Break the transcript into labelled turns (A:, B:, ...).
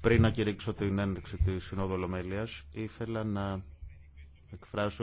A: Πριν να κηρύξω την ένδειξη της Συνόδου Ολομέλειας, ήθελα
B: να εκφράσω